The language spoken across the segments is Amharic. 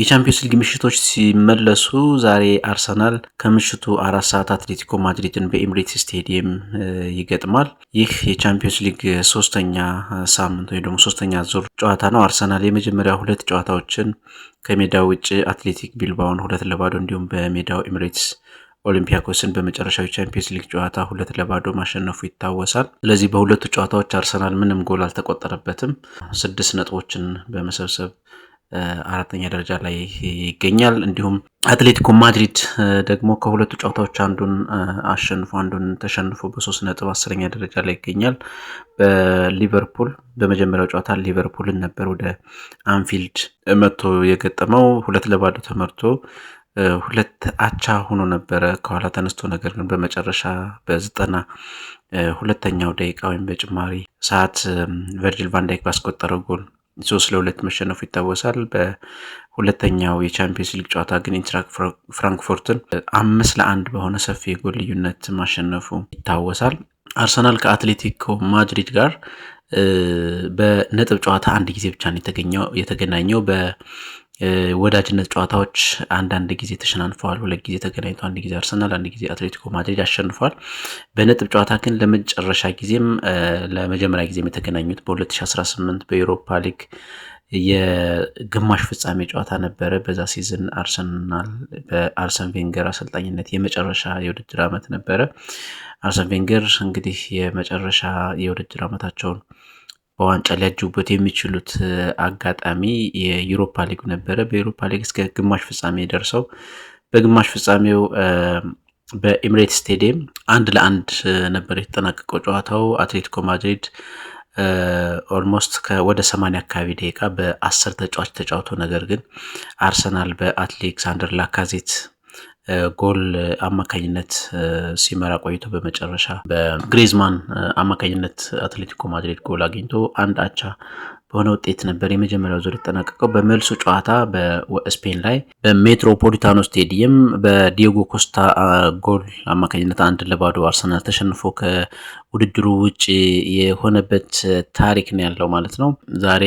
የቻምፒዮንስ ሊግ ምሽቶች ሲመለሱ ዛሬ አርሰናል ከምሽቱ አራት ሰዓት አትሌቲኮ ማድሪድን በኤምሬትስ ስቴዲየም ይገጥማል። ይህ የቻምፒዮንስ ሊግ ሶስተኛ ሳምንት ወይ ደግሞ ሶስተኛ ዙር ጨዋታ ነው። አርሰናል የመጀመሪያ ሁለት ጨዋታዎችን ከሜዳው ውጭ አትሌቲክ ቢልባውን ሁለት ለባዶ እንዲሁም በሜዳው ኤምሬትስ ኦሊምፒያኮስን በመጨረሻዊ ቻምፒየንስ ሊግ ጨዋታ ሁለት ለባዶ ማሸነፉ ይታወሳል። ስለዚህ በሁለቱ ጨዋታዎች አርሰናል ምንም ጎል አልተቆጠረበትም። ስድስት ነጥቦችን በመሰብሰብ አራተኛ ደረጃ ላይ ይገኛል። እንዲሁም አትሌቲኮ ማድሪድ ደግሞ ከሁለቱ ጨዋታዎች አንዱን አሸንፎ አንዱን ተሸንፎ በሶስት ነጥብ አስረኛ ደረጃ ላይ ይገኛል። በሊቨርፑል በመጀመሪያው ጨዋታ ሊቨርፑልን ነበር ወደ አንፊልድ መጥቶ የገጠመው ሁለት ለባዶ ተመርቶ ሁለት አቻ ሆኖ ነበረ ከኋላ ተነስቶ ነገር ግን በመጨረሻ በዘጠና ሁለተኛው ደቂቃ ወይም በጭማሪ ሰዓት ቨርጅል ቫንዳይክ ባስቆጠረው ጎል ሶስት ለሁለት መሸነፉ ይታወሳል። በሁለተኛው የቻምፒየንስ ሊግ ጨዋታ ግን ኢንትራክ ፍራንክፎርትን አምስት ለአንድ በሆነ ሰፊ የጎል ልዩነት ማሸነፉ ይታወሳል። አርሰናል ከአትሌቲኮ ማድሪድ ጋር በነጥብ ጨዋታ አንድ ጊዜ ብቻ ነው የተገናኘው በ ወዳጅነት ጨዋታዎች አንዳንድ ጊዜ ተሸናንፈዋል። ሁለት ጊዜ ተገናኝቶ አንድ ጊዜ አርሰናል፣ አንድ ጊዜ አትሌቲኮ ማድሪድ አሸንፏል። በነጥብ ጨዋታ ግን ለመጨረሻ ጊዜም ለመጀመሪያ ጊዜም የተገናኙት በ2018 በኤሮፓ ሊግ የግማሽ ፍጻሜ ጨዋታ ነበረ። በዛ ሲዝን አርሰናል በአርሰን ቬንገር አሰልጣኝነት የመጨረሻ የውድድር ዓመት ነበረ። አርሰን ቬንገር እንግዲህ የመጨረሻ የውድድር ዓመታቸውን በዋንጫ ሊያጅቡበት የሚችሉት አጋጣሚ የዩሮፓ ሊግ ነበረ። በዩሮፓ ሊግ እስከ ግማሽ ፍጻሜ ደርሰው በግማሽ ፍጻሜው በኤሚሬት ስቴዲየም አንድ ለአንድ ነበር የተጠናቀቀው ጨዋታው። አትሌቲኮ ማድሪድ ኦልሞስት ወደ ሰማንያ አካባቢ ደቂቃ በአስር ተጫዋች ተጫውቶ ነገር ግን አርሰናል በአትሌክሳንደር ላካዜት ጎል አማካኝነት ሲመራ ቆይቶ በመጨረሻ በግሬዝማን አማካኝነት አትሌቲኮ ማድሪድ ጎል አግኝቶ አንድ አቻ በሆነ ውጤት ነበር የመጀመሪያው ዙር የተጠናቀቀው። በመልሱ ጨዋታ በስፔን ላይ በሜትሮፖሊታኖ ስቴዲየም በዲዮጎ ኮስታ ጎል አማካኝነት አንድ ለባዶ አርሰናል ተሸንፎ ከውድድሩ ውጭ የሆነበት ታሪክ ነው ያለው ማለት ነው። ዛሬ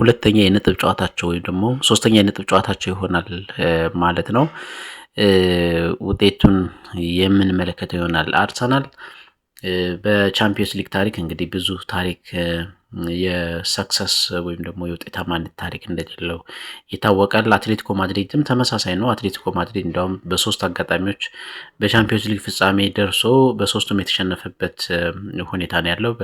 ሁለተኛ የነጥብ ጨዋታቸው ወይም ደግሞ ሶስተኛ የነጥብ ጨዋታቸው ይሆናል ማለት ነው። ውጤቱን የምንመለከተው ይሆናል። አርሰናል በቻምፒዮንስ ሊግ ታሪክ እንግዲህ ብዙ ታሪክ የሰክሰስ ወይም ደግሞ የውጤታማነት ታሪክ እንደሌለው ይታወቃል። አትሌቲኮ ማድሪድም ተመሳሳይ ነው። አትሌቲኮ ማድሪድ እንዲያውም በሶስት አጋጣሚዎች በቻምፒዮንስ ሊግ ፍጻሜ ደርሶ በሶስቱም የተሸነፈበት ሁኔታ ነው ያለው።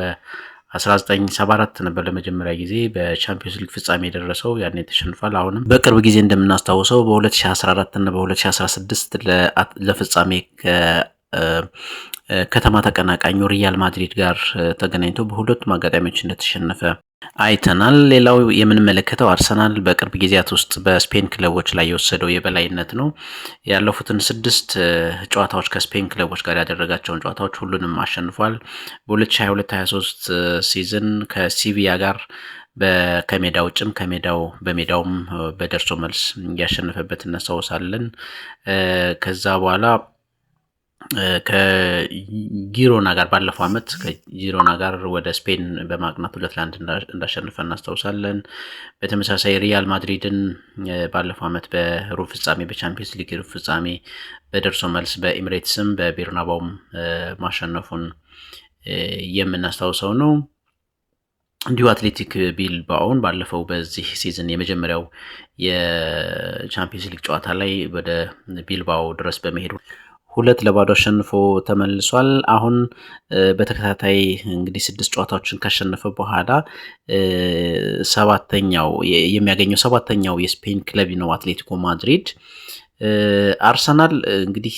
1974 ነበር ለመጀመሪያ ጊዜ በቻምፒዮንስ ሊግ ፍጻሜ የደረሰው ያኔ ተሸንፏል። አሁንም በቅርብ ጊዜ እንደምናስታውሰው በ2014 እና በ2016 ለፍጻሜ ከተማ ተቀናቃኙ ሪያል ማድሪድ ጋር ተገናኝቶ በሁለቱም አጋጣሚዎች እንደተሸነፈ አይተናል። ሌላው የምንመለከተው አርሰናል በቅርብ ጊዜያት ውስጥ በስፔን ክለቦች ላይ የወሰደው የበላይነት ነው። ያለፉትን ስድስት ጨዋታዎች ከስፔን ክለቦች ጋር ያደረጋቸውን ጨዋታዎች ሁሉንም አሸንፏል። በ2022/23 ሲዝን ከሲቪያ ጋር ከሜዳ ውጭም ከሜዳው በሜዳውም በደርሶ መልስ እያሸነፈበት እናስታውሳለን። ከዛ በኋላ ከጊሮና ጋር ባለፈው ዓመት ከጊሮና ጋር ወደ ስፔን በማቅናት ሁለት ለአንድ እንዳሸንፈ እናስታውሳለን። በተመሳሳይ ሪያል ማድሪድን ባለፈው ዓመት በሩብ ፍጻሜ በቻምፒየንስ ሊግ ሩብ ፍጻሜ በደርሶ መልስ በኤሚሬትስም በቤርናባውም ማሸነፉን የምናስታውሰው ነው። እንዲሁ አትሌቲክ ቢልባኦን ባለፈው በዚህ ሲዝን የመጀመሪያው የቻምፒየንስ ሊግ ጨዋታ ላይ ወደ ቢልባኦ ድረስ በመሄዱ ሁለት ለባዶ አሸንፎ ተመልሷል። አሁን በተከታታይ እንግዲህ ስድስት ጨዋታዎችን ካሸነፈ በኋላ ሰባተኛው የሚያገኘው ሰባተኛው የስፔን ክለብ ነው አትሌቲኮ ማድሪድ። አርሰናል እንግዲህ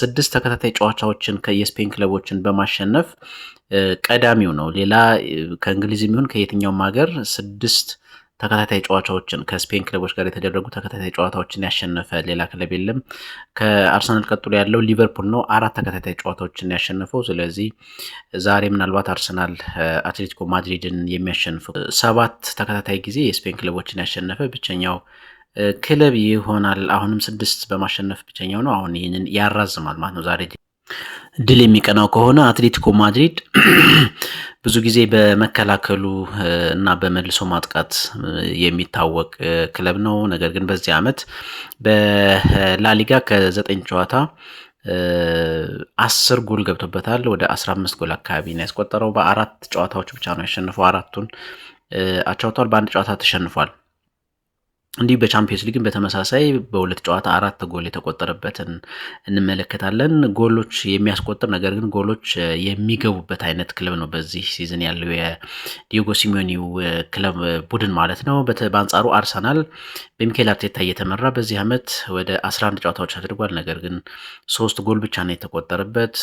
ስድስት ተከታታይ ጨዋታዎችን የስፔን ክለቦችን በማሸነፍ ቀዳሚው ነው። ሌላ ከእንግሊዝ የሚሆን ከየትኛውም ሀገር ስድስት ተከታታይ ጨዋታዎችን ከስፔን ክለቦች ጋር የተደረጉ ተከታታይ ጨዋታዎችን ያሸነፈ ሌላ ክለብ የለም። ከአርሰናል ቀጥሎ ያለው ሊቨርፑል ነው፣ አራት ተከታታይ ጨዋታዎችን ያሸነፈው። ስለዚህ ዛሬ ምናልባት አርሰናል አትሌቲኮ ማድሪድን የሚያሸንፈው ሰባት ተከታታይ ጊዜ የስፔን ክለቦችን ያሸነፈ ብቸኛው ክለብ ይሆናል። አሁንም ስድስት በማሸነፍ ብቸኛው ነው። አሁን ይህንን ያራዝማል ማለት ነው ዛሬ ድል የሚቀናው ከሆነ አትሌቲኮ ማድሪድ ብዙ ጊዜ በመከላከሉ እና በመልሶ ማጥቃት የሚታወቅ ክለብ ነው። ነገር ግን በዚህ ዓመት በላሊጋ ከዘጠኝ ጨዋታ አስር ጎል ገብቶበታል። ወደ አስራ አምስት ጎል አካባቢ ነው ያስቆጠረው። በአራት ጨዋታዎች ብቻ ነው ያሸንፈው፣ አራቱን አቻውቷል፣ በአንድ ጨዋታ ተሸንፏል። እንዲህ በቻምፒየንስ ሊግን በተመሳሳይ በሁለት ጨዋታ አራት ጎል የተቆጠረበትን እንመለከታለን። ጎሎች የሚያስቆጥር ነገር ግን ጎሎች የሚገቡበት አይነት ክለብ ነው በዚህ ሲዝን ያለው የዲዮጎ ሲሚዮኒው ክለብ ቡድን ማለት ነው። በአንጻሩ አርሰናል በሚካኤል አርቴታ እየተመራ በዚህ ዓመት ወደ 11 ጨዋታዎች አድርጓል። ነገር ግን ሶስት ጎል ብቻ ነው የተቆጠረበት።